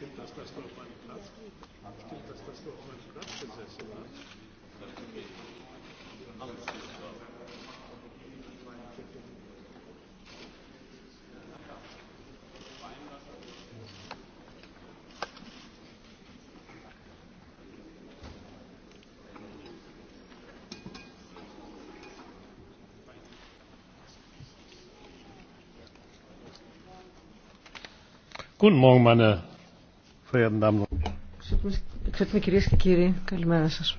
Stimmt, das, dass du auf meinem Platz? Stimmt, das, dass du auf meinem Platz gesessen hast? guten morgen meine Ευχαριστούμε κυρίες και κύριοι, καλημέρα σας.